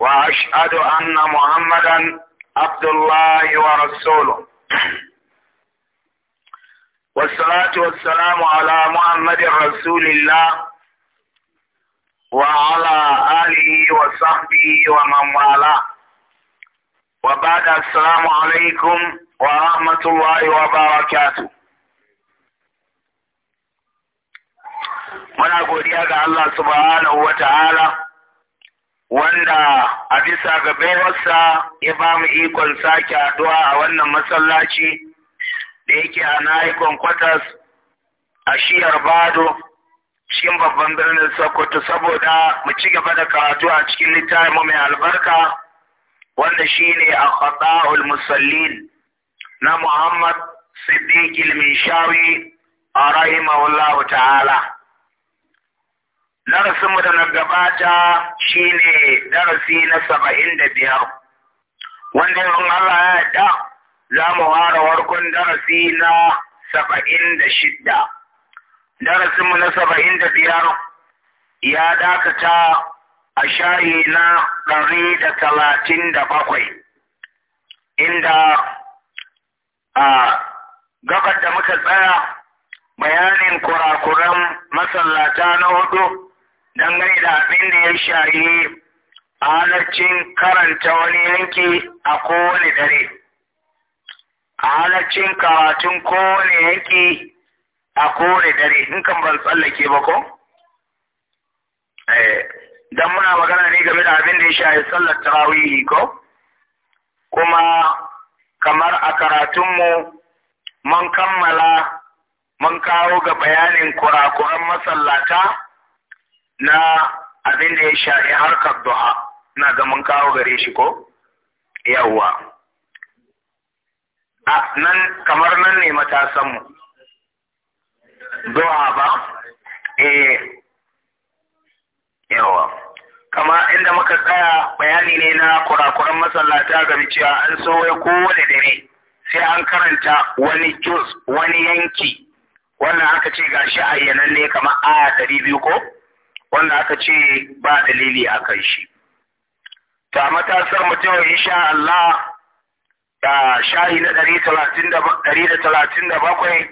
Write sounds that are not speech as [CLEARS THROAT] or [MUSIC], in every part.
وأشهد أن محمدا عبد الله ورسوله والصلاة والسلام على محمد رسول الله وعلى آله وصحبه ومن والاه وبعد السلام عليكم ورحمة الله وبركاته muna godiya ga Allah subhanahu wa ta'ala wanda a bisa ga baiwarsa ya ba mu ikon sake haɗuwa a wannan masallaci da yake a naikon kwatas a shiyar bado cikin babban birnin sokoto saboda mu ci gaba da karatu a cikin littafin mai albarka wanda shi ne a khata'ul musallin na muhammad siddiq al-minshawi rahimahullahu ta'ala darasinmu da na gabata shine darasi na saba'in da biyar wanda yawan Allah ya yarda za mu fara warkon darasi na saba'in da shidda darasinmu na saba'in da biyar ya dakata a shayi na ɗari da talatin da bakwai inda a gabar da muka tsaya bayanin kurakuran masallata na hudu dangane da abin da ya a halarcin karanta wani yanki a kowane dare, halarcin karatun kowane yanki a kowane dare, in kan ban tsallake ba ko? Eh, Don muna magana ne game da abin da ya shari tsallar tarawihi ko? Kuma kamar a karatunmu man kammala man kawo ga bayanin kurakuran masallata na abin da ya shafi harkar duha na ga kawo gare shi ko yawwa a nan kamar nan ne matasanmu duha ba eh yawwa. kama inda muka tsaya bayani ne na kurakuran masallata ga cewa an so kowane dare sai an karanta wani jus wani yanki wannan aka ce gashi ayyanan ne kamar a ɗari biyu ko wanda aka ce ba dalili a kan shi. Ta matasar mutum sha Allah da shayi na ɗari talatin da bakwai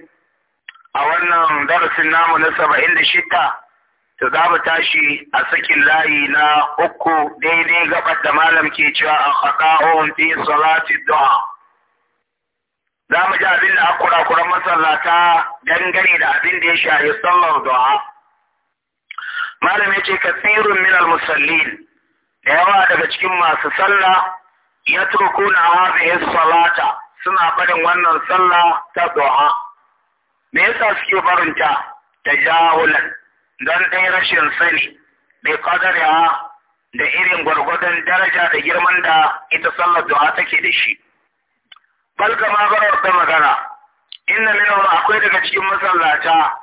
a wannan darasin namu na saba'in da ta za tashi a sakin layi na uku daidai gabar da malam ke cewa a haƙa'on fi salati du'a. Za mu ji abin da akura kuran masallata dangane da abin da ya shahi sallar du'a. malam yace ce min al-musallin da yawa daga cikin masu sallah ya yatrukuna ya salata suna barin wannan sallah ta du'a me yasa suke barinta jahulan don dai rashin sani bai kadariya da irin gwargwadon daraja da girman da ita sallar du'a take da shi balka ma garar da magana inna minhum akwai daga cikin masallata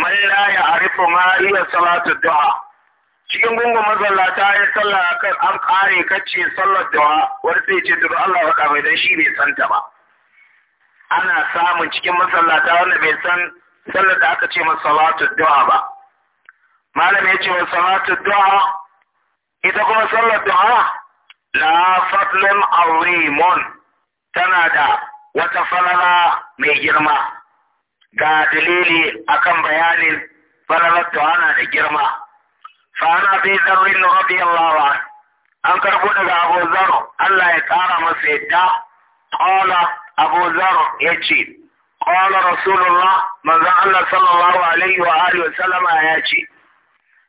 man la ya arifu ma iya salatu du'a cikin gungun mazallata ya sallah kan an kare kacce sallar du'a wani sai ce duk Allah wa kamai dan shi bai san ta ba ana samun cikin masallata wanda bai san sallar da aka ce masa salatu du'a ba malam ya ce salatu du'a ita kuma sallar du'a la fadlun azimun tana da wata falala mai girma ga dalili akan bayanin falalar tawana da girma fana bai zarrin radiyallahu an an karbo daga Abu zaro Allah ya kara masa yadda kola Abu ya ce, kola Rasulullah manzan Allah sallallahu alaihi wa alihi wa sallama yace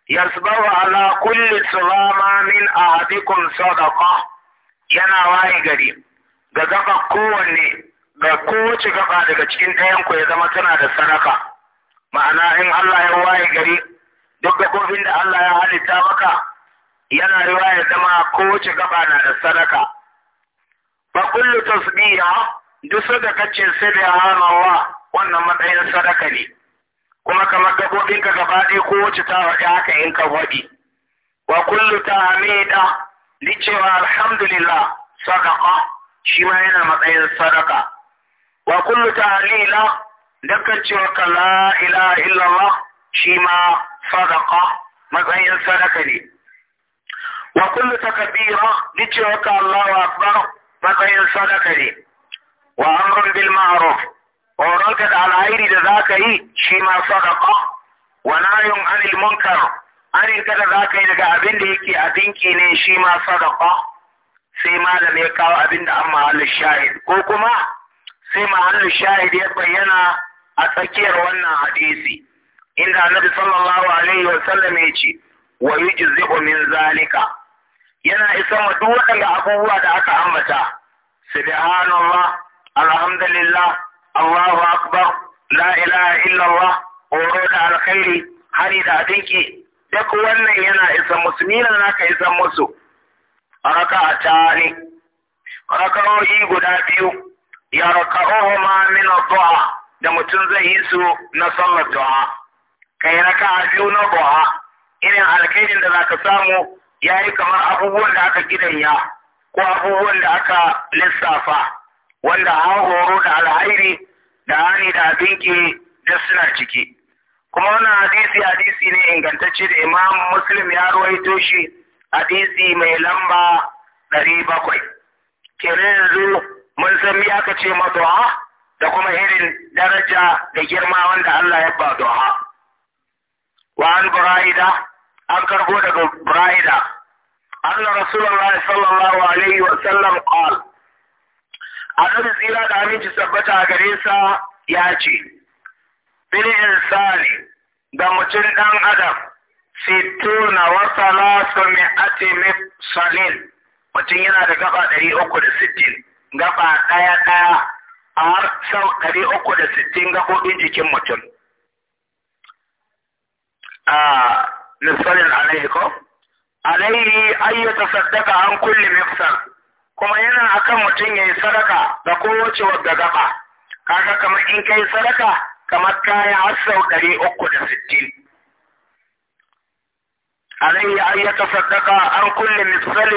yasbahu ala kulli sulama min ahadikum sadaqa yana waye gari ga gaba kowanne ga kowace gaba daga cikin ɗayan ku ya zama tana da sadaka ma'ana in Allah ya waye gari duk gabobin da Allah ya halitta maka yana riwa ya zama kowace gaba na da sadaka ba kullu tasbiya duk sadaka kace sai da Allah wannan matsayin sadaka ne kuma kamar gabobin ka gaba ɗaya kowace ta waje haka in ka waɗi wa kullu tahmida ni cewa alhamdulillah sadaka shi ma yana matsayin sadaka wa kullu ta'lila dakan cewa ka la ilaha allah shi ma sadaqa matsayin sadaka ne wa kullu takbira cewa ka Allahu akbar matsayin sadaka ne wa amrun bil ma'ruf horonka da alhairi da zaka yi shi ma sadaqa wa nahyun anil munkar anin kada zaka yi daga abin da yake abinki ne shi ma sadaqa sai malam ya kawo abin da amma al shahid ko kuma sai mahallin shahid ya bayyana a tsakiyar wannan hadisi inda annabi sallallahu alaihi wa sallam ya ce wa yujzi'u min zalika yana isa ma duk abubuwa da aka ambata subhanallah alhamdulillah allahu akbar la ilaha Allah! oro da alkhairi hari da dinki duk wannan yana isa musulmina, na naka isa musu raka'a ta ne raka'o'i guda biyu yarka'uhuma min ad da mutum zai yi su na sallar du'a kai biyu na du'a irin alkhairin da zaka samu yayi kamar abubuwan da aka gidanya ko abubuwan da aka lissafa wanda an horo da alhairi da hani da abinki da suna ciki kuma wannan hadisi hadisi ne ingantacce da imam muslim ya ruwaito shi hadisi mai lamba ɗari bakwai kenan yanzu mun san me aka ce ma du'a da kuma irin daraja da girma wanda Allah ya ba du'a wa an buraida an karbo daga buraida Allah rasulullahi sallallahu alaihi wa sallam qala annabi zira da aminci tabbata a gare sa ya ce bil insani da mutum dan adam sittuna wa salasu mi'ati min salin mutum yana da gaba ɗari uku da sittin gaba ɗaya ɗaya a har sau ɗari uku da sittin gaɓoɓin jikin mutum. A misalin alaihi ko? Alaihi ayyata saddaka an kulle mifsar kuma yana akan mutum ya yi sadaka da kowace wadda gaba. Kaga kamar in kai sadaka kamar kaya har sau ɗari uku da sittin. عليه أن an عن كل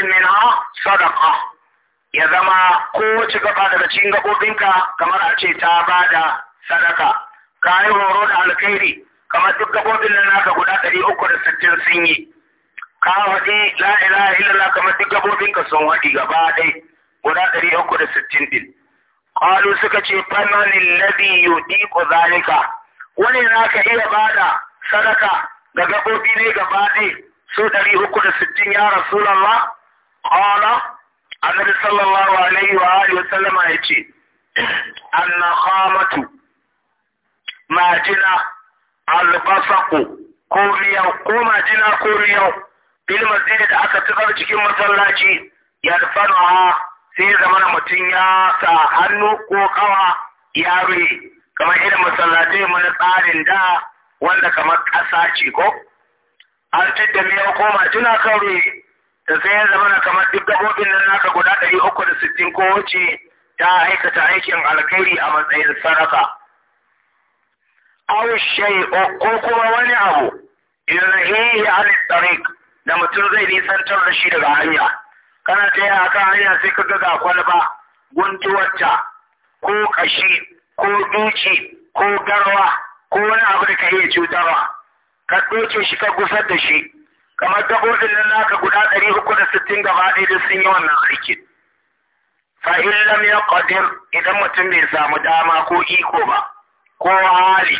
min ha صدقة ya zama kowace gaba daga cikin gabobinka kamar a ce ta ba da sadaka ka yi horo da alkhairi kamar duk gaɓoɓin nan naka guda ɗari uku da sittin sun yi ka haɗi la'ila ilala kamar duk gabobinka sun haɗi gaba ɗai guda ɗari uku da sittin ɗin qalu suka ce faman alladhi ko zalika wani naka iya ba da sadaka ga gaɓoɓi ne gaba ɗai su ɗari uku da sittin ya rasu lalla qala annabi sallallahu alaihi wa alihi wa sallam ya ce annakhamatu majina albasaqu ko miyau ko majina ko miyau bil masjid da aka tsara cikin masallaci ya rufa sai ya mutun mutum ya sa hannu ko kawa ya rufe kamar irin masallatai mun tsarin da wanda kamar kasa ce ko an da ko majina kan rufe da sai ya zama kamar duk gabobin nan naka guda ɗari uku da sittin ko wuce ta aikata aikin alkhairi a matsayin sadaka. Aw shay ko kuma wani abu yurhihi an tariq da mutum zai nisantar da shi daga hanya. Kana ta yi akan hanya sai ka ga kwalba, guntuwarta, ko kashi, ko duci, ko garwa, ko wani abu da ka iya cutarwa. Ka ɗauke shi ka gusar da shi, kamar gabobin nan naka guda ɗari uku da sittin gaba ɗaya da sun yi wannan aikin fa in lam qadir idan mutum bai samu dama ko iko ba ko hali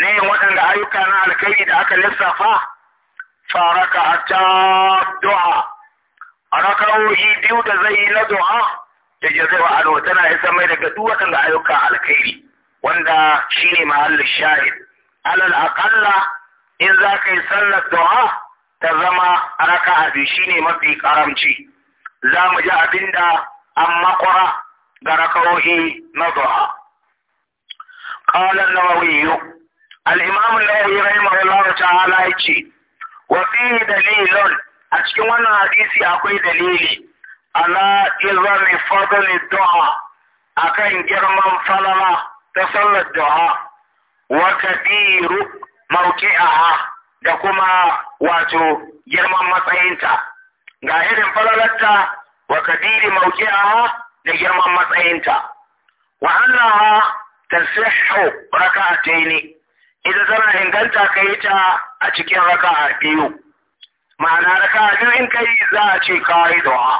ne waɗanda ayyuka na alkhairi da aka lissafa faraka hatta du'a raka'o'i biyu da zai yi na du'a da wa alo tana isa mai daga duk waɗanda ayyuka alkhairi wanda shine mahallin shahid alal aqalla in za ka yi sallar du'a ta zama abin biyu shine mafi karamci za mu ji abinda an makwara ga rakawohi na duha qala an-nawawi al-imam an-nawawi rahimahullahu ta'ala yace wa fihi dalilun a cikin wannan hadisi akwai dalili ala izami fadli a akan girman falala ta sallar duha wa kabiru mawqi'aha da kuma wato girman matsayinta ga irin falalarta wa kadiri mauki'a da girman matsayinta wa annaha tasihhu raka'ataini idan zana inganta kai ta a cikin raka'a biyu ma'ana raka'a biyu in kai za a ce kai du'a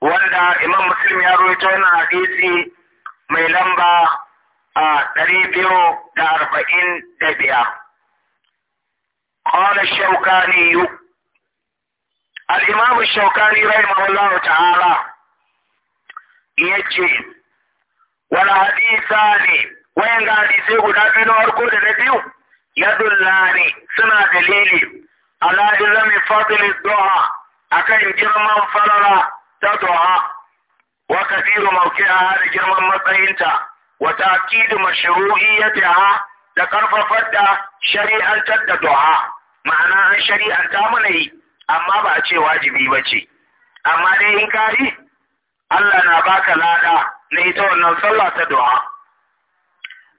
wanda imam muslim ya rawaito wannan hadisi mai lamba a ɗari biyu da arba'in da biyar قال الشوكاني الإمام الشوكاني رحمه الله تعالى يجي ولا حديثان وين قال يسيقوا نبينا واركود نبيو يدلاني سنة دليلي على إذن فضل الدعاء أكن جرما فرلا تدعاء وكثير موقع موقعها لجرما مطينتا وتأكيد مشروعيتها لقرف فدا شريعا تدعاء ma'ana an ta mana yi amma ba a ce wajibi ba ce amma dai in ka Allah na baka lada na ita wannan sallah ta du'a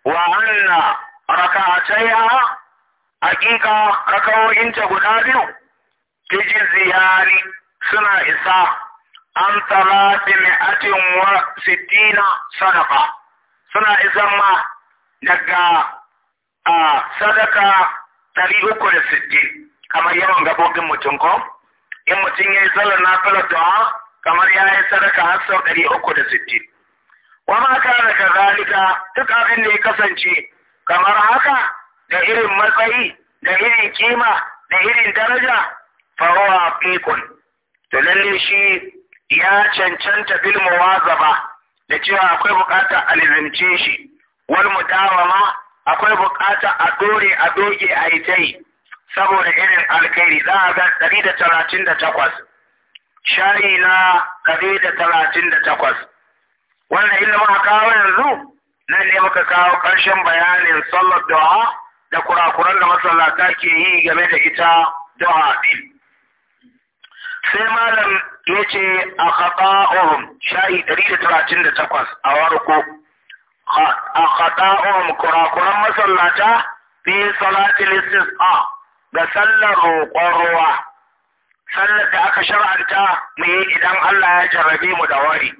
wa anna raka'atayha hakika ta guda biyu ziyari suna isa an talati mi'atin wa sittina sadaqa suna isan ma daga a sadaka ɗari uku da sittin kamar yawan gabobin mutum ko in mutum ya yi sallar nafilar kamar ya yi sadaka har sau ɗari uku da sittin wa ma kana kazalika duk abin da ya kasance kamar haka da irin matsayi da irin kima da irin daraja fawawa fikun to lalle shi ya cancanta bil zaba, da cewa akwai bukatar alizance shi wal mudawama akwai bukata a dore a doge a yi tai saboda irin alkairi za a ga ɗari da talatin da takwas na ɗari da talatin da takwas wanda inda kawo yanzu nan ne muka kawo ƙarshen bayanin sallar du'a da kurakuran da masallata ke yi game da ita du'a din sai malam ya ce a khata'uhum shayi ɗari da talatin da takwas a warko a kura kurakuran masallata fi salatil istisqa ga sallar roƙon ruwa sallar da aka shar'anta mu yi idan Allah ya jarrabi mu da wari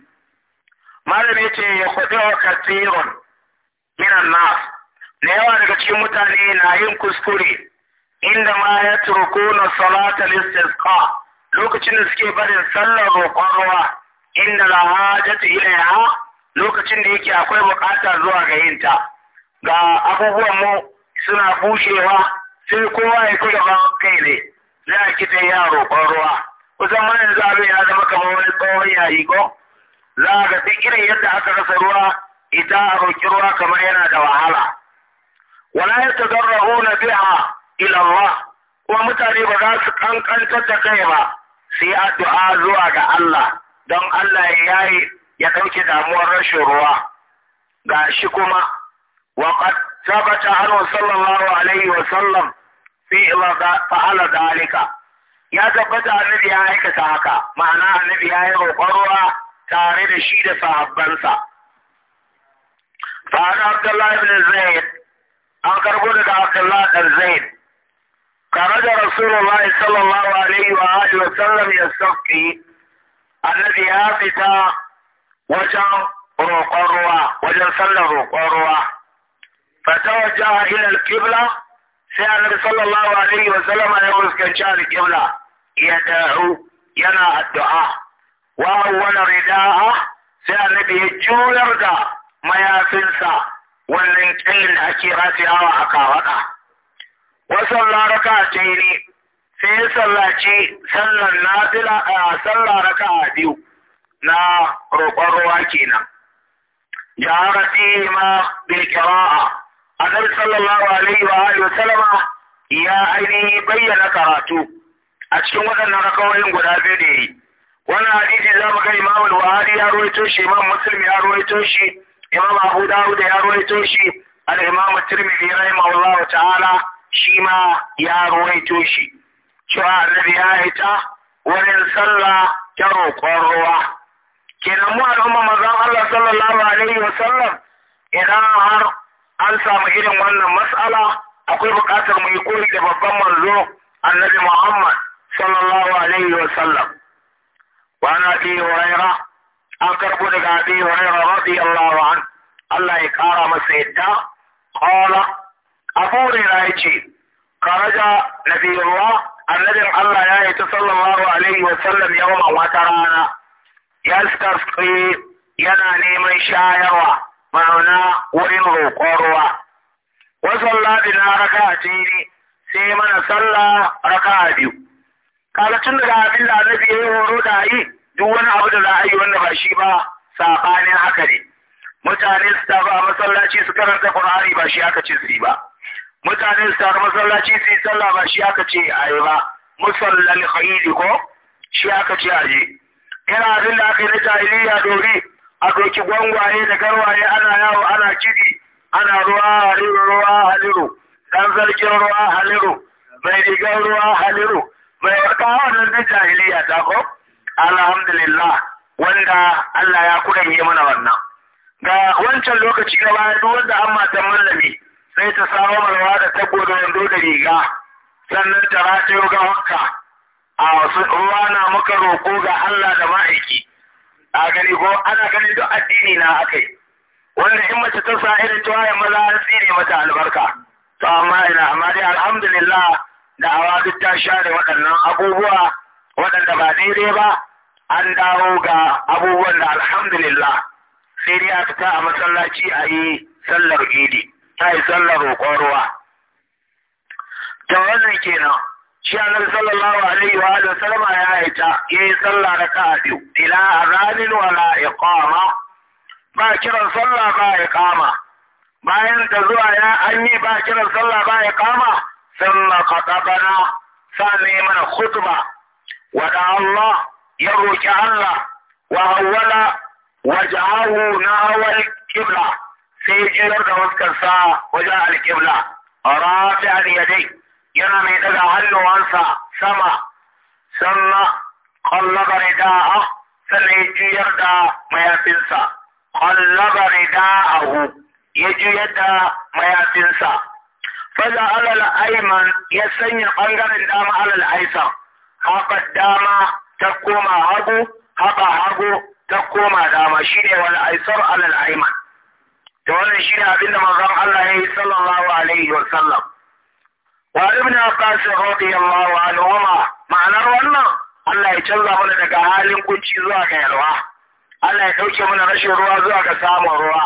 malami ce ya kudi wa kathirun minan nas da yawa daga cikin mutane na yin kuskure inda ma ya turkuna salatal istisqa lokacin da suke barin sallar roƙon ruwa inda la hajatu ilayha lokacin da yake akwai bukata zuwa ga yin ga abubuwan mu suna bushewa sai kowa ya kula ba kai ne za a kitan yaro ban kusan ma yanzu abin ya zama kamar wani tsawon yayi ko za a ga duk irin yadda aka rasa ruwa ita a roƙi ruwa kamar yana da wahala wala ya na biha ila Allah kuma mutane ba za su kankantar da kai ba sai addu'a zuwa ga Allah don Allah ya yayi ya ɗauke damuwar rashin ruwa ga shi kuma وقد ثبت عنه صلى الله عليه وسلم في fa’ala ذلك ya tabbata annabi ya aikata haka ma'ana annabi ya yi roƙon tare da shi da sahabbansa fa'ana abdullahi ibn zaid an karbo daga abdullahi ibn zaid kare da rasulullah sallallahu alaihi wa alihi wa sallam ya annabi ya fita wajen roƙon ruwa wajen sallar roƙon ruwa waje a al kibla sai annabi sallallahu alaihi wa sallam ya muskanci al kibla ya da'u yana addu'a wa wala rida'a sai an ya juyar da mayafinsa wannan killin ake rafiyawa a kawada Wasan sallar ce ne sai ya sallaci sallar nafila a sallar a biyu na roƙon ruwa kenan Ya rafi ma bil qira'a annabi sallallahu alaihi wa alihi wa sallama ya ainihi bayyana karatu a cikin waɗannan rakawoyin guda biyu da yi wannan hadisi za mu ga imam al-buhari ya rawaito shi imam muslim ya rawaito shi imam abu dawud ya rawaito shi al-imam tirmidhi rahimahullahu ta'ala shi ma ya rawaito shi cewa annabi ya ita wurin sallah ta roƙon ruwa kenan mu al'umma manzon Allah sallallahu alaihi wa sallam idan har an samu irin wannan mas'ala akwai buƙatar mu yi koyi da babban manzo annabi Muhammad sallallahu alaihi wa sallam wa ana bi hurairah an karbo daga abi hurairah radiyallahu an Allah ya kara masa yadda qala abu hurairah yace karaja nabiyullah annabin Allah ya yi ta sallallahu alaihi wa sallam yawan wata rana yastasqi yana neman shayarwa ma'ana wurin roƙon ruwa wa salla bina raka'atayn sai mana salla raka'a biyu kalacin da abin da annabi ya horo da yi duk wani abu da za a yi wanda ba shi ba sabanin haka ne mutane su tafi a masallaci su karanta Qur'ani ba shi aka ce su yi ba mutane su tafi masallaci su yi sallah ba shi aka ce a yi ba musallan khairi ko shi aka ce a yi Yana abin da aka yi na jahiliya dori a doki gwangwaye da garwaye ana yawo ana kiri ana ruwa haliru ruwa haliru dan zargin ruwa haliru mai rigar ruwa haliru mai wata wannan da jahiliya ta ko alhamdulillah wanda Allah ya yi mana wannan ga wancan lokaci na bayan duk wanda an matan mallami sai ta samu malwa da tago da wando da riga sannan ta ratayo ga hokka a wasu ruwa na maka roƙo ga Allah da ma'aiki a gani ko ana ganin duk addini na akai wanda in mace ta sa irin tuwayen maza an tsire mata albarka to amma ina amma dai alhamdulillah da awa duk ta share waɗannan abubuwa waɗanda ba daidai ba an dawo ga abubuwan da alhamdulillah sai dai a fita a masallaci a yi sallar idi ta yi sallar roƙon ruwa ta wannan kenan shi annabi sallallahu alaihi wa alihi wasallam ya aita yayi sallah raka'a biyu ila azalin wala iqama ba kiran sallah ba iqama bayan da zuwa ya an yi ba kiran sallah ba iqama sannan qatabana sannan mana khutba wa da Allah ya roki Allah wa hawala waj'ahu nawal qibla sai jirar da waskarsa wajen alqibla rafi'a yadayhi yana mai daga hannuwansa sama sannan kallaba rida'a sannan ya juyar da mayafinsa kallaba rida'ahu ya juyar da mayafinsa faza alal aiman ya sanya bangaren dama alal aisan haka dama ta koma hagu haka hagu ta koma dama shine wal aisar alal aiman to wannan shine abinda manzon Allah ya yi sallallahu alaihi wa sallam وابن عباس رضي الله عنهما معنى ان الله يجزا من دكا حالين كنتي زوا كيلوا الله يدوكي من رشي روا زوا كسام روا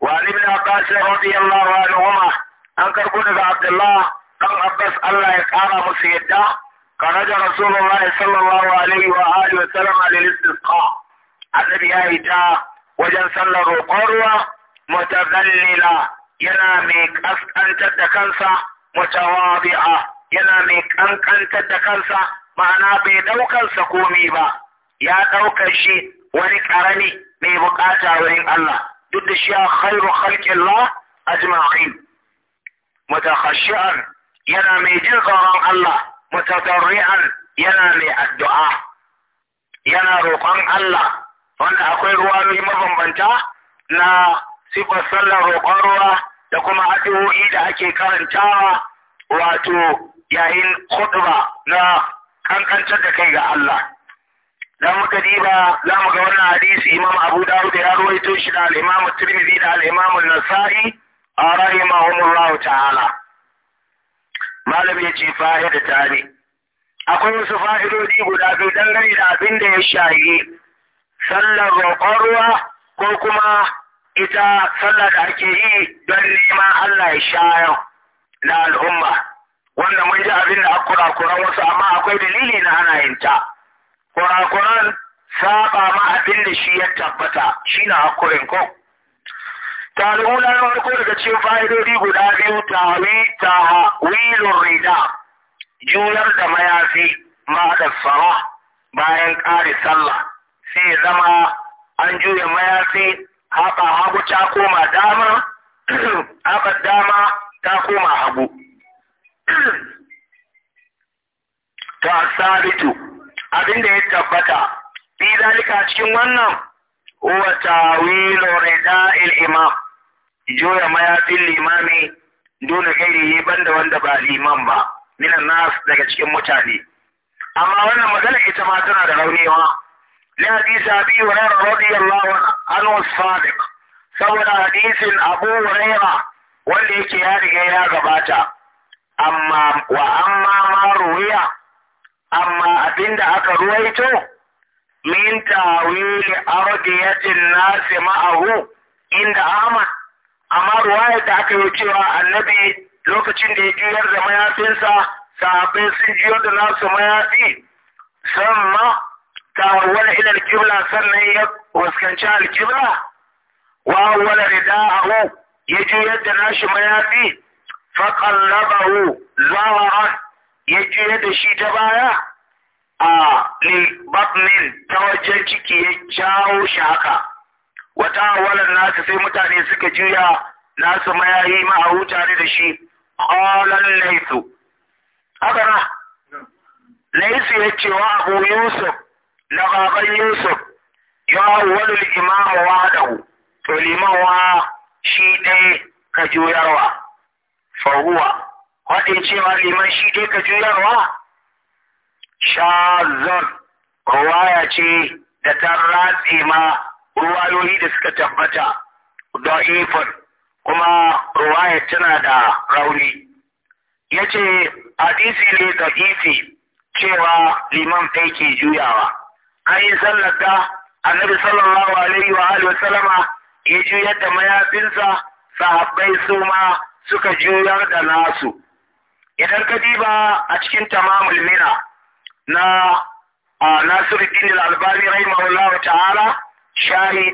وعن ابن عباس رضي الله عنهما انكر كنت عبد الله قال عباس الله يقارى مسيدا خرج رسول الله صلى الله عليه وآله وسلم على الاستسقاء النبي هيدا وجن صلى قروة متذللة ينامي أسأل تدكنسة mutawadi'a yana mai kankantar da kansa ma'ana bai daukar sa komai ba ya daukar shi wani karami mai bukata wurin Allah duk da shi khairu khalqillah ajma'in mutakhashi'an yana mai jin tsoron Allah mutadarri'an yana mai addu'a yana roƙon Allah wanda akwai ruwa mai mabambanta na sifar sallar roƙon ruwa da kuma addu'o'i da ake karantawa wato yayin khutba na kankantar da kai ga Allah dan muka diba za mu ga wannan hadisi Imam Abu Dawud ya rawaito shi da Imam Tirmidhi da Imam An-Nasa'i rahimahumullahu ta'ala malam ya ce fa'ida ta ne akwai wasu fa'idodi guda biyu dangane da abin da ya shayi sallar ruwa ko kuma ita sallah da ake yi don neman Allah ya shayar na al'umma wanda mun ji abin da a kurakuran wasu amma akwai dalili na ana yin ta kurakuran saba ma abin da shi ya tabbata shi na hakurin ko tarihu na farko daga cikin fa'idodi guda biyu tawi ta wilun rida juyar da mayafi ma da bayan kare sallah sai zama an juya mayafi haɓa hagu ta koma dama [CLEARS THROAT] haɓar dama ta koma hagu [CLEARS THROAT] ta sabitu abinda ya tabbata fi zalika cikin wannan huwa tawilu rida'il imam joya mayafin limami dole gairi banda wanda ba liman ba minan nas daga cikin mutane amma wannan magana ita ma tana da rauniwa na hadisi abi hurairah radiyallahu anhu sadiq saboda hadisin abu hurairah wanda yake ya riga ya gabata amma wa amma ma ruwiya amma abinda aka ruwaito min tawili ardiyatin nasi ma'ahu inda Ahmad amma ruwayar da aka yi cewa annabi lokacin da ya juyar da mayafinsa sahabbai sun juyar da nasu mayafi sannan wani ila alqibla sannan ya fuskanci alqibla wa awwala rida'ahu ya juyar da nashi mayafi fa qallabahu zawaran ya ji yadda shi ta baya a li ta wajen ciki ya jawo shi haka wata awalan nasu sai mutane suka juya nasu mayayi ma'ahu tare da shi qalan laysu haka na laysu ya ce wa abu yusuf na baban Yusuf ya wani imamu wa dahu to liman wa shi ɗaya ka juyarwa fahuwa waɗin cewa liman shi ɗaya ka juyarwa shazon ruwaya ce da ta ratse ma ruwayoyi da suka tabbata da ifon kuma ruwaya tana da rauni ya ce hadisi ne da ifi cewa liman ɗaya ke juyawa an yi sallar da annabi sallallahu alaihi wa alihi wasallama ya ji da mayafinsa sahabbai su ma suka juyar da nasu idan ka diba a cikin tamamul mina na nasiru dinil albani rahimahullahu ta'ala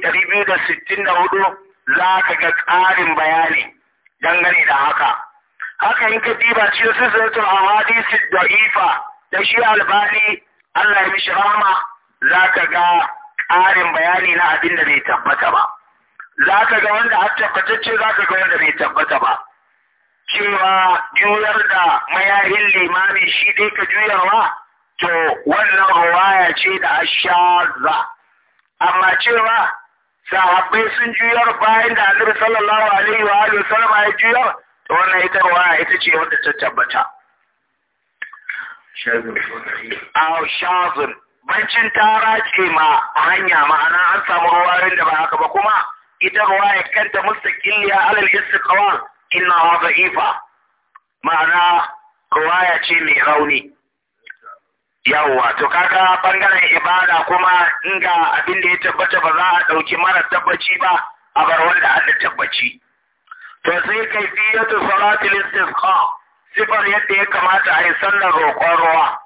da 264 za ka ga tsarin bayani dangane da haka haka in ka diba cikin sisratul ahadisi da'ifa da shi albani Allah ya mishi rahama za ka ga ƙarin bayani na abin da bai tabbata ba za ka ga wanda har tabbatacce za ka ga wanda bai tabbata ba cewa juyar da mayahin limami shi dai ka juyarwa to wannan ruwaya ce da ashaza amma cewa sahabbai sun juyar bayan da annabi sallallahu alaihi wa Alaihi wasallam ya juyar to wannan ita ruwaya ita ce wanda ta tabbata Shazin. bancin ta race ma a hanya ma'ana an samu ruwayoyin da ba haka ba kuma ita ruwa ya kanta mustaqilliya alal istiqrar inna wa da'ifa ma'ana ya ce mai rauni yawwa to kaga bangaren ibada kuma inga abinda abin da ya tabbata ba za a dauki mara tabbaci ba a bar wanda an tabbaci to sai kaifiyatu salatul istisqa sifar yadda ya kamata a yi sallar roƙon ruwa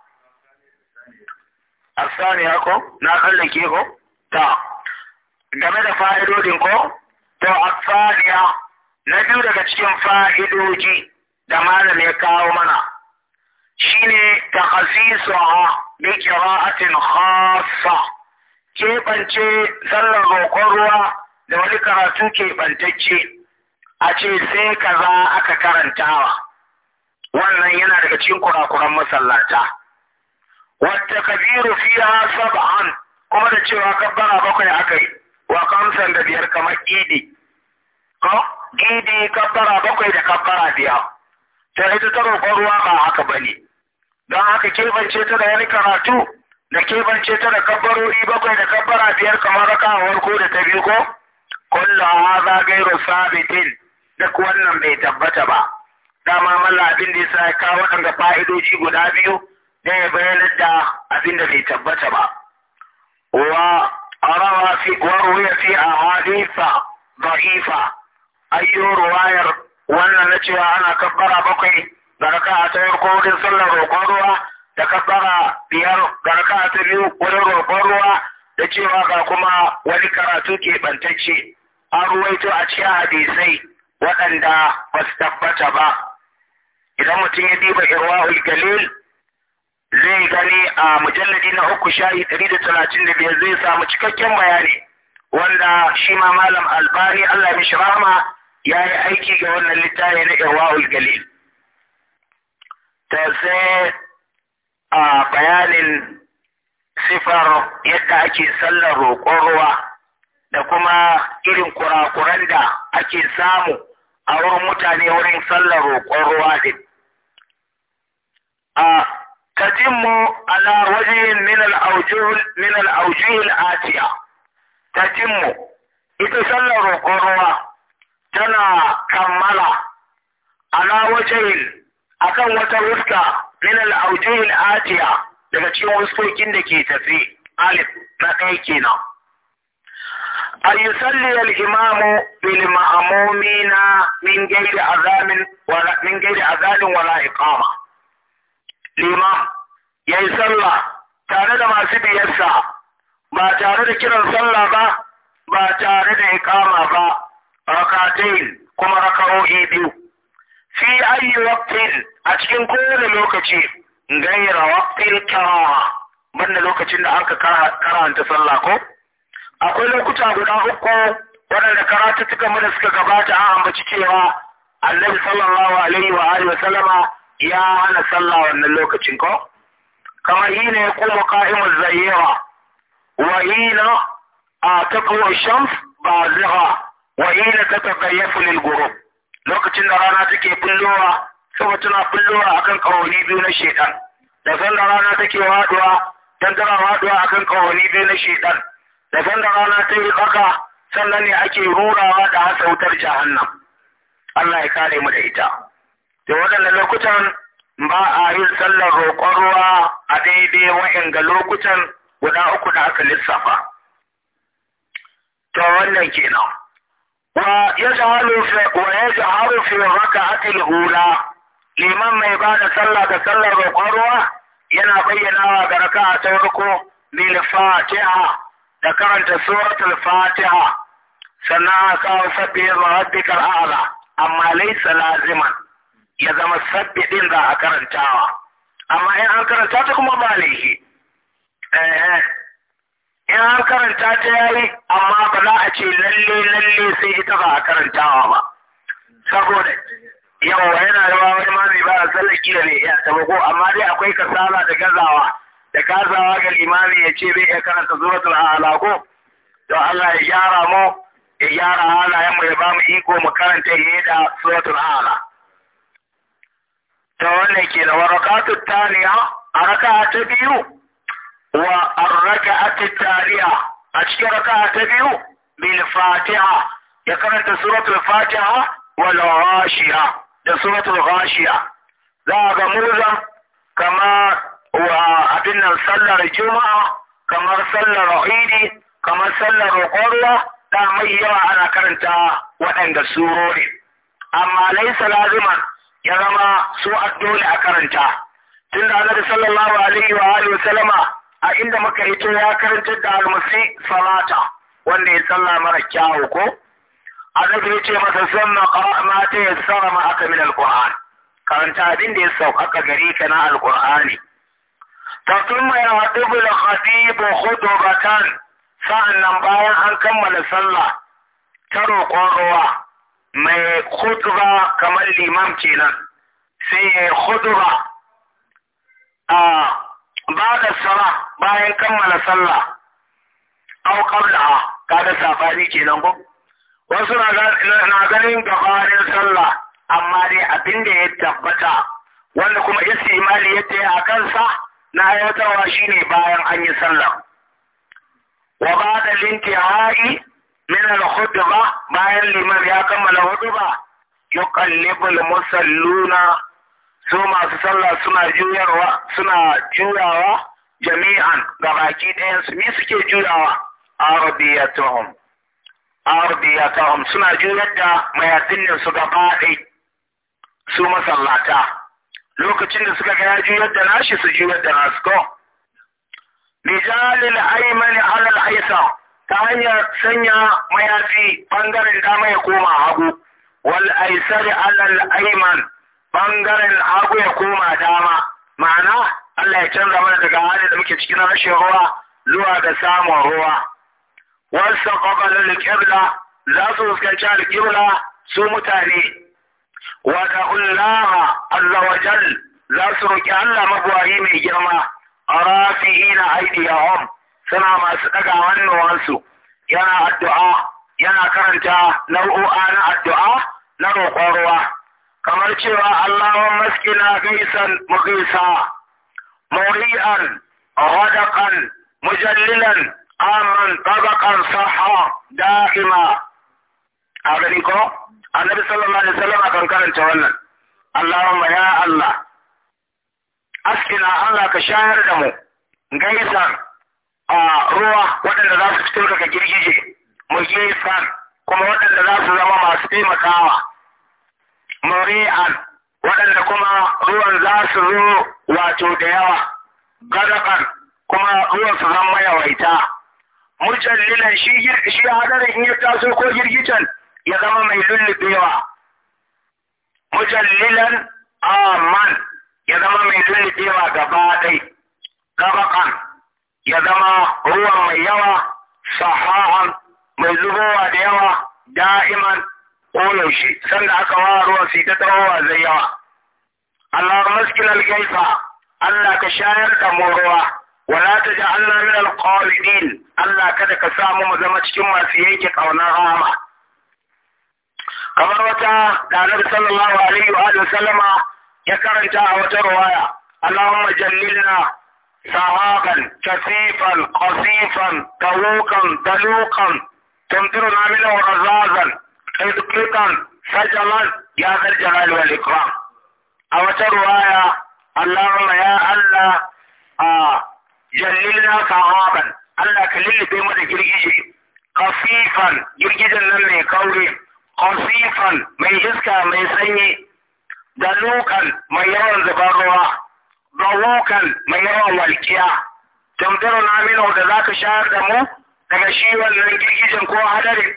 asaniya ko na kallake ko ta game da fa'idodin ko to ya na biyu daga cikin fa'idodi da malam ya kawo mana shine ha bi qira'atin khassa keɓance sallar roƙon ruwa da wani karatu keɓantacce a ce sai kaza aka karantawa wannan yana daga cikin kurakuran masallata wata kabiru fiya sab'an kuma da cewa kabbara bakwai aka yi, wa kamsan da biyar kamar Gidi? ko Gidi kabbara bakwai da kabbara biyar ta ita ta roƙon ruwa ba haka ba ne. don haka kebance ta da wani karatu da kebance ta da kabbarori bakwai da kabbara biyar kamar a warko da ta biyu ko kullu hadha gairu sabitin duk wannan bai tabbata ba dama malla abin da yasa ya kawo waɗanda fa'idoji guda biyu da ya bayyana da abin da bai tabbata ba wa arawa fi wa a fi ga da'ifa ayyo ruwayar wannan na cewa ana kabbara bakwai da raka'a ta ko wurin sallar roƙon ruwa da kabbara biyar da ta biyu wurin roƙon ruwa da cewa ga kuma wani karatu ke bantacce an ruwaito a cikin hadisai waɗanda ba su tabbata ba idan mutum ya diba irwa galil zai gani a mujalladi na uku shayi ɗari da talatin da biyar zai samu cikakken bayani wanda shi ma malam albani Allah mishi rahama ya yi aiki ga wannan littafi na irwa'ul galil ta sai a bayanin sifar yadda ake sallar roƙon ruwa da kuma irin kurakuran da ake samu a wurin mutane wurin sallar roƙon ruwa din a تتم على وجه من الأوجه من الأوجه الآتية تتم إتسلل القروة تنا كمالا على وجه أكن وتوفك من الأوجه الآتية لما تشوف وسكو كندكي تفي ألف نقيكينا أن يصلي الإمام بالمأمومين من غير أذان ولا من غير أذان ولا إقامة liman ya yi sallah tare da masu biyarsa ba tare da kiran sallah ba ba tare da ikama ba rakatain kuma rakawo'i biyu fi ayi waqtin a cikin kowane lokaci gaira waqtin karaha banda lokacin da aka karanta sallah ko akwai lokuta guda uku waɗanda karatu suka mana da suka gabata a ambaci cewa annabi sallallahu alaihi wa alihi wa sallama ya hana sallah wannan lokacin ko kama hina ya kuma ka'imu zayyara wa hina a takwa shams ba zira wa hina ta tagayyafu lil gurub lokacin da rana take fullowa saboda tana fullowa akan kawani biyu na shedan da sanda rana take waduwa dan tana waduwa akan kawani biyu na shedan da sanda rana ta yi tsaka sannan ne ake rurawa da hasautar jahannam Allah ya kare mu da ita da waɗanda lokutan ba a yin sallar roƙon ruwa a daidai ga lokutan guda uku da aka lissafa. To wannan kenan. Wa ya jahalu wa ya jahalu hula liman mai ba da sallah da sallar roƙon ruwa yana bayyanawa ga raka'a ta farko lil fatiha da karanta suratul fatiha sannan ka sabbi rabbikal a'la amma laysa laziman ya zama sabbi ɗin za a karantawa amma in an karanta ta kuma ba laifi in an karanta ta yayi amma ba za a ce lalle lalle sai ita ba a karantawa ba saboda yawa yana rawa wani ma ba a tsallaki da ne ya taba ko amma dai akwai kasala da gazawa da gazawa ga limami ya ce bai iya karanta suratul a'la ko to Allah ya gyara mu ya gyara halayen mu ya ba mu iko mu karanta ne da a'la ta wannan kenan wa rak'atu taniya a raka'a ta biyu wa ar-raka'atu taniya a cikin raka'a ta biyu bil fatiha ya karanta suratul fatiha wal ghashiya da suratul ghashiya za ga murza kama wa abin nan sallar juma'a kamar sallar idi kamar sallar qurra da mai yawa ana karanta waɗanda surori amma laisa laziman ya zama su dole a karanta tun da annabi sallallahu alaihi wa alihi wasallama a inda muka ito ya karanta da almasi salata wanda ya salla mara kyawu ko annabi ya ce masa sanna qara ma ta yassara ma aka min alquran karanta abin da ya sauƙaƙa gare ka na alqurani fa thumma yahdubu al-khatib khutbatan nan bayan an kammala sallah ta roƙon ruwa mai khutba kamar limam kenan sai ya khutba a ba da bayan kammala sallah au ka kada safari kenan ko wasu na ganin gabarin sallah amma dai abinda ya tabbata wanda kuma istimali ya taya a kansa na ayatarwa shine bayan an yi sallah wa ba da ha'i? min al-khutba bayan liman ya kammala khutba yuqallibul musalluna su masu sallah suna juyarwa suna juyawa jami'an ga baki ɗayan su me suke juyawa ardiyatuhum ardiyatuhum suna juyar da mayatin su gaba ɗai su masallata lokacin da suka ga juyar da nashi su juyar da nasu ko rijalil aymani alal aysar ta hanyar sanya mayafi ɓangaren dama ya koma hagu wal aisar alal aiman bangaren hagu ya koma dama ma'ana Allah ya canza mana daga halin da muke cikin rashin ruwa zuwa ga samun ruwa wasu kwakwalin qibla za su fuskanci alƙibla su mutane wata ullaha azawajal za su roƙi Allah mabuwayi mai girma a rafi'ina aidiyahum suna masu ɗaga hannuwansu yana addu'a yana karanta nau'o'a na addu'a na roƙon ruwa kamar cewa Allahun maskina gaisan mugaisa muri'an hadakan mujallilan amran tabakan saha da'ima a gani ko annabi sallallahu alaihi wasallam akan karanta wannan Allahumma ya Allah askina Allah ka shayar da mu gaisan a ruwa waɗanda za su fito daga girgije san kuma waɗanda za su zama masu taimakawa muri'an waɗanda kuma ruwan za su zo wato da yawa gadaban kuma ruwan su zama yawaita mujallilan shi shi hadarin ya taso ko girgitan ya zama mai lullubewa mujallilan aman ya zama mai lullubewa gaba ɗai gabakan ya zama ruwan mai yawa sahahan mai zubowa da yawa da'iman koyaushe sanda aka wa ruwan sai ta tsawowa zai yawa Allah maskin algaifa Allah ka shayar da mu ruwa wala ta ji Allah min alqalidin Allah kada ka samu mu zama cikin masu yanke ƙaunar rama kamar wata da sallallahu alaihi wa sallama ya karanta a wata ruwaya Allahumma jannilna سهاقا كثيفا قصيفا طووقا دلوقا تمتر ناملا ورزازا إدقيقا سجلا يا ذا الجلال والإكرام أو رواية اللهم يا الله آه، جللنا سهاقا الله كلل بما تجريجي قصيفا جرجدا لن قولي قصيفا من إسكا من سني دلوقا من يوم زبار bawokan mai yawan walƙiya tamtar namino da za ka shayar da mu daga shi wannan girgijin ko hadarin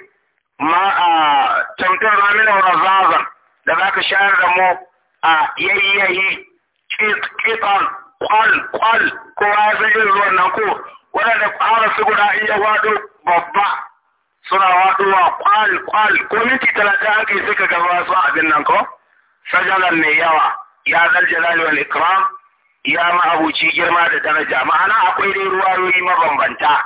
ma a tamtar namino razazan da za ka shayar da mu a yayyayi kitan kwal kwal ko ya san irin ruwan nan ko Wadanda ƙara su guda in ya waɗo babba suna wadowa kwal kwal ko minti talatin an kai suka gaba su abin nan ko sajalan mai yawa ya zal jalali wal ikram ya ma'abuci girma da daraja ma'ana akwai dai ruwayoyi mabambanta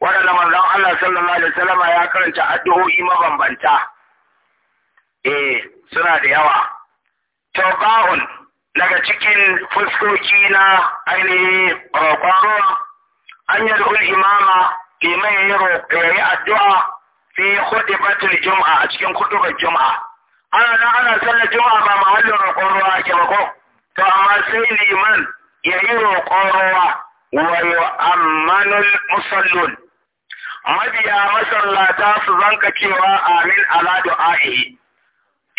wadanda manzon Allah sallallahu alaihi wasallam ya karanta addu'o'i mabambanta eh suna da yawa tawbahun daga cikin fuskoki na ainihin roƙon an yi ruhul imama liman ya yi addu'a fi khutbatul jum'a a cikin kutubar Juma'a. ana nan ana sallar jum'a ba mahallin roƙon ruwa ake ba ko to amma sai liman ya yi roƙon ruwa musallun mabiya masallata su zanka cewa amin ala du'a'i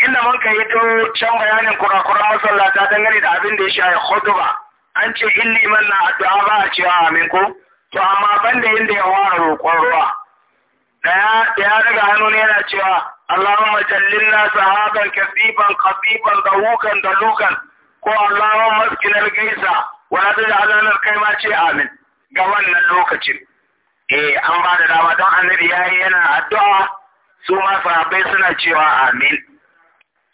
inda mun kai to can bayanin kurakuran masallata dangane da abin da ya shafi ba, an ce in liman na addu'a ba a cewa amin ko to amma banda inda ya fara roƙon ruwa daya daya daga hannu ne yana cewa Allahumma jallilna sahaban kasiban qatiban da lukan." ko Allahun maskinar gaisa wani da halalar kai ma ce amin ga wannan lokacin. Eh an ba da dama don annabi ya yi yana addu'a su ma sahabbai suna cewa amin.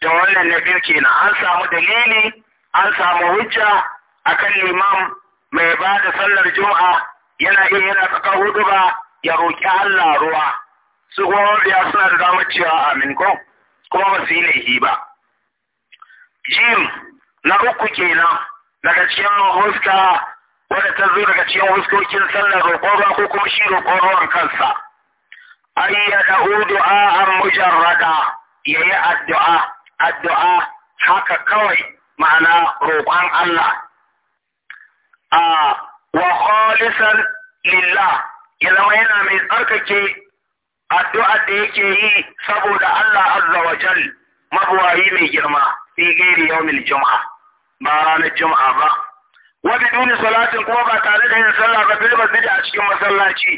Da wannan na biyu kenan an samu dalili an samu hujja akan limam mai ba da sallar juma'a yana iya yana kaka hudu ba ya roƙi Allah ruwa. Su kuma ya suna da damar cewa amin ko kuma ba su yi laifi ba. Jim, na uku kenan daga cikin huska wadda ta zo daga cikin huskokin sallar roƙon ko kuma shi roƙon ruwan kansa Ai ya a du'a'an mujarrada yi addu'a addu'a haka kawai ma'ana roƙon Allah a wa khalisan lillah ya zama yana mai tsarkake addu'a da yake yi saboda Allah azza wa jal mabuwayi mai girma fi ghairi yawmil jum'a ba ranar jum'a ba wa biduni salatin kuma ba tare da yin sallah ba bil masjid a cikin masallaci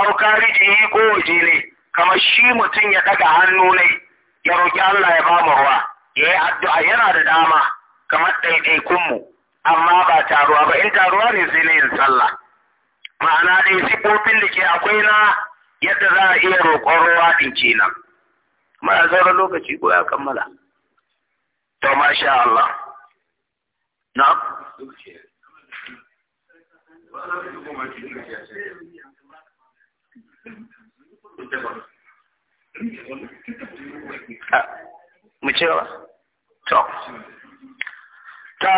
aw karijihi ko waje ne kamar shi mutum ya daga hannu ne ya roki Allah ya ba mu ruwa ya yi addu'a yana da dama kamar ɗaiɗaikunmu, amma ba taruwa ba, in taruwa ne sai na yin sallah. Ma'ana dai kofin da ke akwai na yadda za a iya roƙon ruwa din kenan. Mara sauran lokaci ko ya kammala. To masha Allah. Na? Mu ce ba? To. Ta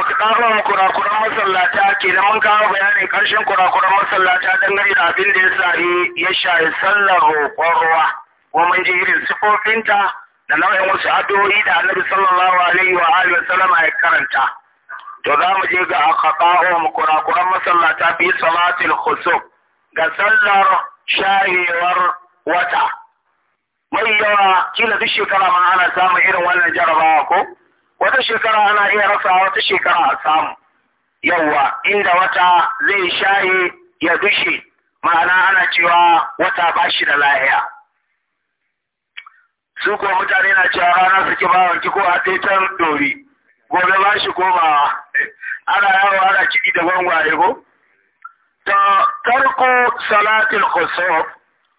kurakuran masallata ke da mun kawo bayanin ƙarshen kurakuran masallata gari da abin da ya sa ya shayi sallar roƙon ruwa, kuma mun ji irin sufofinta da nau'in wasu addu'o'i da annabi sallallahu alaihi wa alihi wa sallama ya karanta to za mu je ga akhata'u kurakuran masallata fi salatil khusuf ga sallar shayewar wata mai yawa kila duk shekara ma ana samun irin wannan jarabawa ko wata shekara ana iya rasa wata shekara a samu yawa inda wata zai shaye ya dushe ma'ana ana cewa wata ba shi da lahiya su ko mutane na cewa rana suke bawa ki ko a taitan dori gobe ba shi komawa ana yawo ana kiɗi da gwangwaye ko ta tarko Salatin khusuf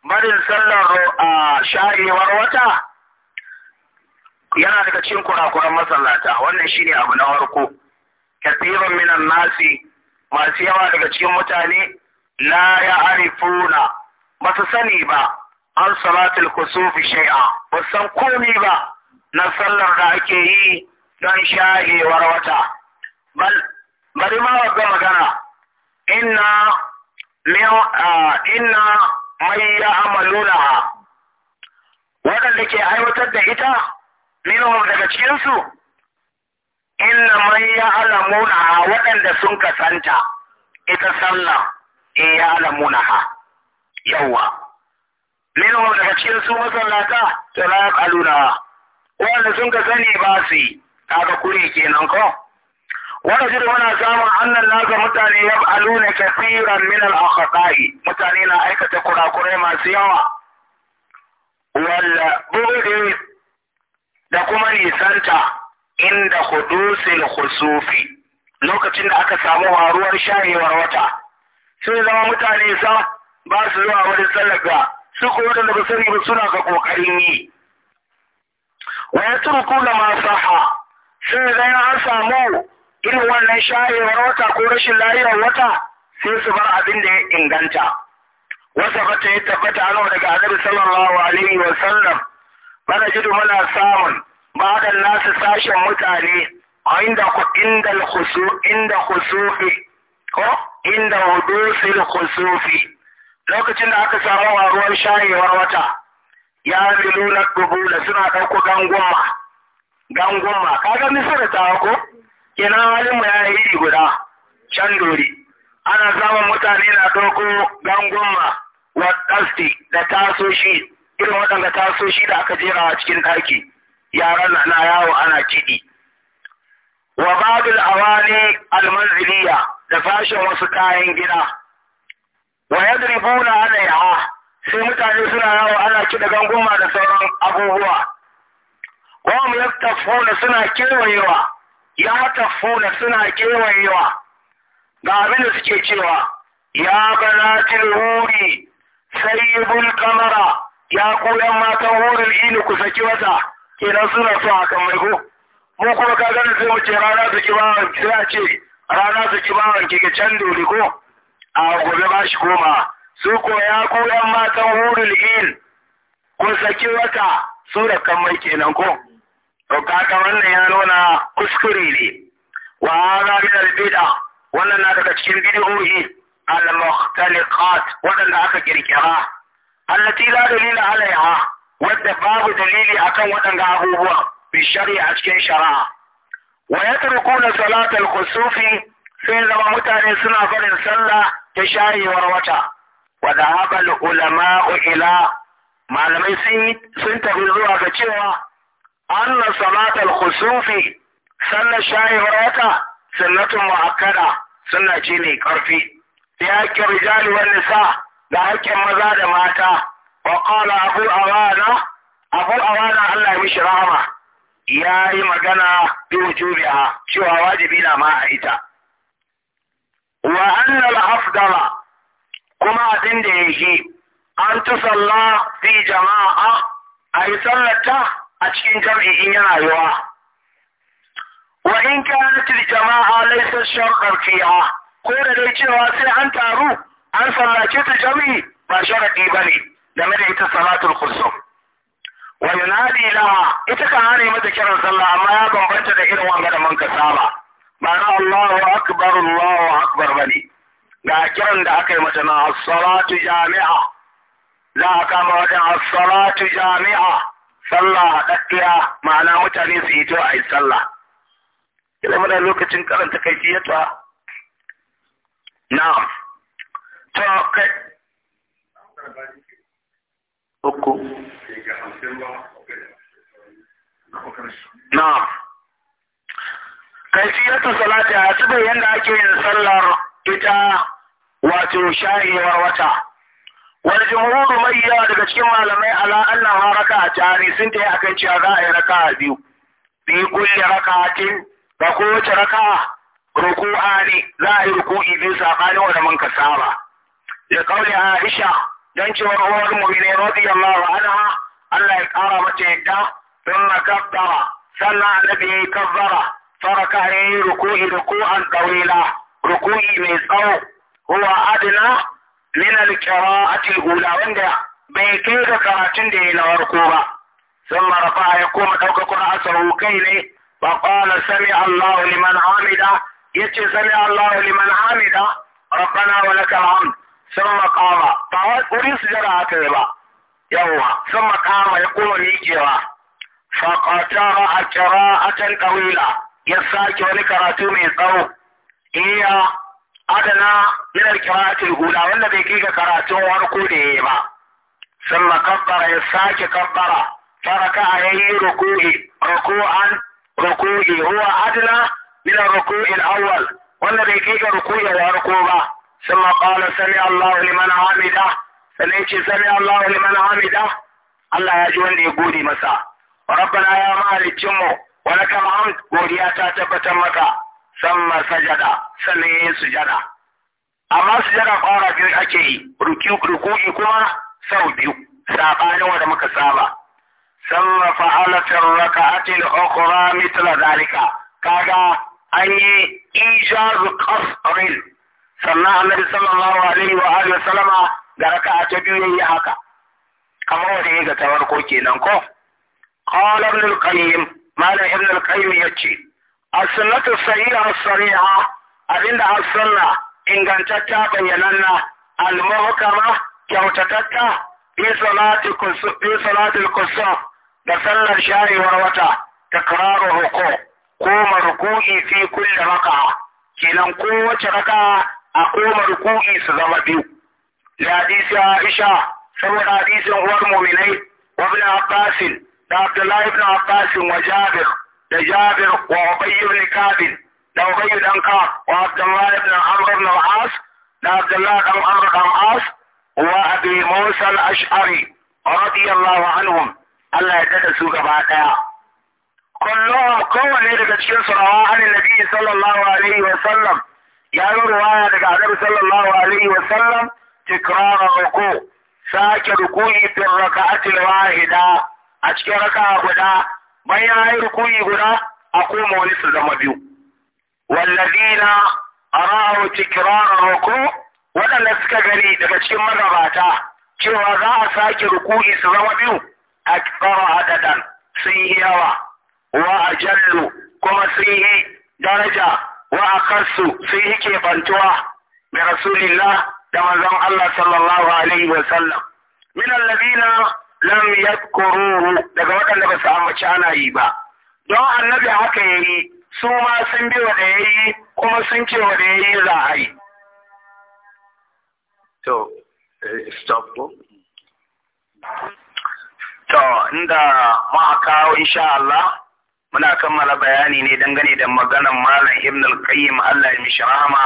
barin sallar a shayewar wata yana daga cikin kurakuran masallata wannan shine abu na farko kathirun minan nasi masu yawa daga cikin mutane la ya arifuna ba su sani ba an salatul kusufi shay'a ba san komai ba na sallar da ake yi don shahewar wata bal bari ma ga magana inna inna mai ya wadanda ke aiwatar da ita minhum daga cikinsu inna man ya wadanda waɗanda sun kasanta ita sallah in ya yawa minhum daga cikin su masallata to la yaqaluna wanda sun ka sani ba su kaga kuri kenan ko wanda jira muna samun annan nasa mutane ya aluna kaseeran min al akhata'i mutane na aikata kurakurai masu yawa walla bude da kuma nisanta inda hudusil khusufi lokacin da aka samu waruwar shayewar wata sai zama mutane sa ba su zuwa wurin sallar su ko waɗanda ba ba suna ga ƙoƙarin yi wa ya turku na masaha sai ga an samu irin wannan shayewar wata ko rashin lariyar wata sai su bar abin da ya inganta wasa bata ya tabbata ana daga annabi sallallahu alaihi wa sallam bana jidu muna samun ba da nasu sashen mutane ku inda khusufi ko inda wudu khusufi. lokacin da aka samu ruwan shayewar wata ya miluna kubula suna ɗauko gangunma gangunma kaga misira ta ko kenan halin mu ya yi iri guda can dori ana samun mutane na ɗauko gangunma wa da tasoshi irin waɗanda tasoshi da aka jera a cikin ɗaki yaran na yawo ana kiɗi wa babul awani almanziliya da fashin wasu kayan gida wa yadribuna alaiha sai mutane suna yawo ana kiɗa ganguma da sauran abubuwa wa mu yaktafuna suna kewayewa ya tafuna suna kewayewa ga abin da suke cewa ya banatil huri sayyibul kamara ya koyan matan wurin ilu ku saki wata kenan suna so a kan maigo mu kuma ka gani sai mu ce rana su ki bawan sai a ce rana su ki bawan ki can dole ko a gobe ba shi koma su ko ya matan hurul in kun saki wata Su da mai kenan ko to kaga wannan ya nuna kuskure ne wa hada min al bid'a wannan na daga cikin bid'o'i al mukhtaliqat wanda aka kirkira allati la dalila alaiha wadda babu dalili akan waɗanda abubuwa bi shari'a cikin shari'a wa yatrukuna salatal kusufi sai zama mutane suna barin sallah ta shayewar wata wa dhahabal ulama ila malamai sun tafi zuwa ga cewa anna salatal khusufi sallar shayewar wata sunnatun mu'akkada sunna ce mai karfi sai hakkin rijali wa nisa da hakkin maza da mata wa qala abu awana abu awana Allah ya mishi rahama yayi magana bi wujubiha cewa wajibi na ma a ita wa annal afdala kuma abin da yake an ta salla fi jama'a a yi sallata a cikin jam'i'in yana yawa wa in kanat al jama'a laysa shartan fiha ko da dai cewa sai an taru an sallace ta jami'i? ba sharadi ba ne, da ita salatul khusuf wa yunadi la ita ka hare mata kiran sallah amma ya bambanta da irin wanga da mun ka saba ma'ana Allahu akbar Allahu akbar bane ga kiran da aka yi mata na as-salatu jami'a za a kama wajen as-salatu jami'a sallah haɗaɗɗiya ma'ana mutane su yi to a yi sallah ila mana lokacin karanta kaifiyata Na. to kai uku Na. kaifiyatu salati a tuba yanda ake yin sallar ita wato shahiyar wata wal jumhuru yawa daga cikin malamai ala haraka a tare sun a akan cewa za a yi raka a biyu bi kulli raka'atin ba kowace raka'a ruku'a ne za a yi ruku'i biyu sabanin wanda mun kasaba da kauli Aisha don cewa mu uwar mu'minin ana anha Allah ya kara mata yadda sun kabbara sannan annabi ya kabbara faraka ya yi ruku'i ruku'an ɗawila ruku'i mai tsawo huwa adina min al-qira'ati ula wanda bai kai ga karatun da yayi na farko ba sun marafa ya koma ɗauka qur'asahu kai ne Ba qala sami Allahu liman hamida yace sami Allahu liman hamida rabbana wa lakal hamd sun makama ba wurin sujada aka yi ba Yawa, sun makama ya koma miƙewa faƙatara a ƙira'atan ɗawila ya sake wani karatu mai tsawo iya adana minar kiratul hula wanda bai kai ga karatun warko da yayi ba sun kabbara ya sake kabbara faraka a yayi ruku'i ruku'an ruku'i huwa adana minar ruku'il awwal wanda bai kai ga ruku'i warko ba sun maƙala sami Allah liman hamida Sani ce sami Allah liman hamida Allah ya ji wanda ya gode masa rabbana ya mahalicin mu wani kamar godiya ta tabbatar maka masa jada sannan yayin jada amma su jada fara biyu ake yi rukuki kuma sau biyu sabanin wanda muka saba raka fa'alatar raka'atil okura mithla zalika kaga an yi ijazu qasrin sannan annabi sallallahu alaihi wa alihi salama ga raka ta biyu yayi haka kamar wanda ya ga ko kenan ko qala ibn al-qayyim malam ibn al-qayyim yace as-sunnatu sahiha sariha abinda as-sunna ingantacca bayyananna al-muhkama kyautatatta fi salati fi kusuf da sallar sharewar wata takraru ruku koma ruku'i fi kulli raka'a kenan kowace raka'a a koma ruku'i su zama biyu da hadisi Aisha saboda hadisin uwar mu'minai wa ibn Abbasin da Abdullahi ibn Abbas wa Jabir da Jabir wa Ubay ibn Kab da Ubay dan Kab wa Abdullahi ibn Amr ibn al-As da Abdullahi ibn Amr ibn al-As wa Abi Musa al-Ash'ari radiyallahu anhum Allah ya tada su gaba daya kullum kowanne daga cikin su rawa an nabi sallallahu alaihi wa sallam ya yi ruwaya daga annabi sallallahu alaihi wa sallam tikrara ruku sake ruku'i fi raka'atil wahida a cikin raka guda bayan ya yi rukuni guda a koma wani su zama biyu wallazina arahu tikrarar ruku waɗanda suka gani daga cikin magabata cewa za a sake rukuni su zama biyu a tsara hadadan sun yi yawa wa ajallu kuma sun yi daraja wa kansu sun yi kebantuwa da rasulillah da manzon Allah sallallahu alaihi wa sallam min alladhina lam kururu daga waɗanda ba su ambaci ana yi ba don annabi haka yayi su ma sun bi wa da yayi kuma sun ce wa da yayi za a yi to eh, stop ko to inda ma kawo insha Allah muna kammala bayani ne dangane da maganar malam Ibn al-Qayyim Allah ya mishrama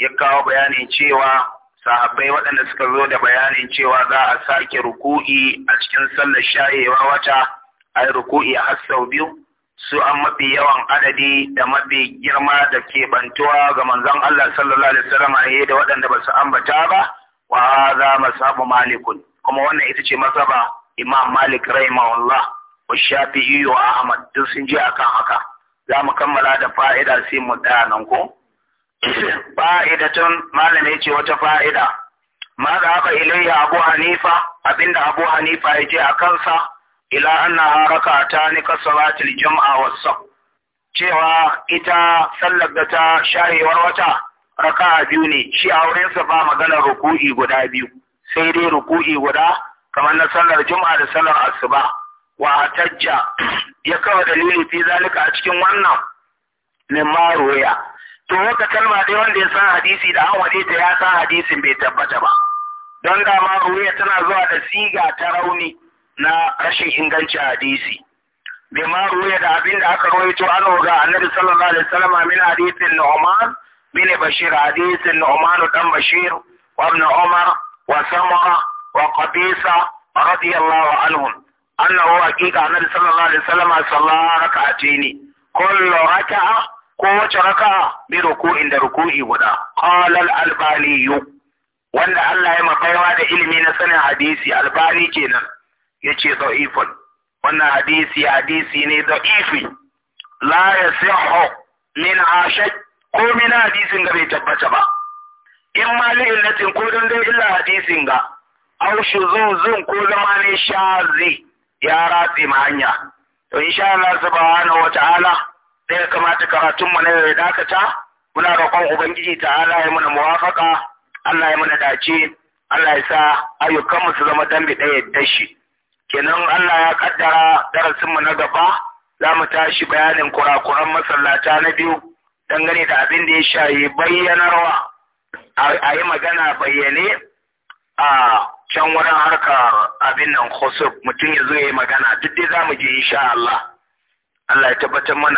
ya kawo bayani cewa sahabbai waɗanda suka zo da bayanin cewa za a sake ruku'i a cikin sallar shayewa wata a ruku'i a sau biyu su an mafi yawan adadi da mafi girma da kebantuwa ga manzon Allah sallallahu alaihi wasallam ayi da waɗanda ba su ambata ba wa mu masabu malikun kuma wannan ita ce masaba imam malik rahimahullah wa shafi'i wa ahmad duk sun ji akan haka za mu kammala da fa'ida sai mu nan ko fa'idatun malami ce wata fa'ida ma da haka ilayya abu hanifa abinda abu hanifa ya je a kansa ila na haraka ta nika salatul jama'a wasa cewa ita sallar da ta shayewar wata raka biyu ne shi a wurinsa ba maganar ruku'i guda biyu sai dai ruku'i guda kamar na sallar juma'a da sallar asuba wa tajja ya kawo dalili fi a cikin wannan min to wata kalma dai wanda ya san hadisi da an waje ta ya san hadisin bai tabbata ba don da, ma ruwaya tana zuwa da siga ta rauni na rashin inganci hadisi bai ma ruwaya da abin da aka rawaito an ga annabi sallallahu alaihi wasallam min hadisin Nu'man min Bashir hadisin Nu'man dan Bashir wa ibn Umar wa Samara wa Qabisa radiyallahu anhum annahu haqiqa annabi sallallahu alaihi wasallam sallara rak'ataini kullu rak'a Ko wace raka'a bi ruku'in da ruku'i guda qala al-albani wanda Allah ya mafaiwa da ilimi na sanin hadisi albani kenan yace da'ifun wannan hadisi hadisi ne da'ifi la yasihu min ashaj ko min hadisin da bai tabbata ba in ma li'illatin ko don dai illa hadisin ga aw shuzuzun ko zama ne shazi ya ratsi ma hanya to insha Allah subhanahu wa ta'ala da ya kamata karatun mu na yau dakata muna roƙon ubangiji ta Allah ya muna muwafaka Allah ya muna dace Allah ya sa ayyukan mu su zama dambe ɗaya da shi kenan Allah ya kaddara darasin mu na gaba za mu tashi bayanin kurakuran masallata na biyu dangane da abin da ya shayi bayyanarwa a yi magana bayyane a can wurin harkar abin nan khusuf mutum ya zo ya yi magana duk dai za mu je insha Allah Allah ya tabbatar mana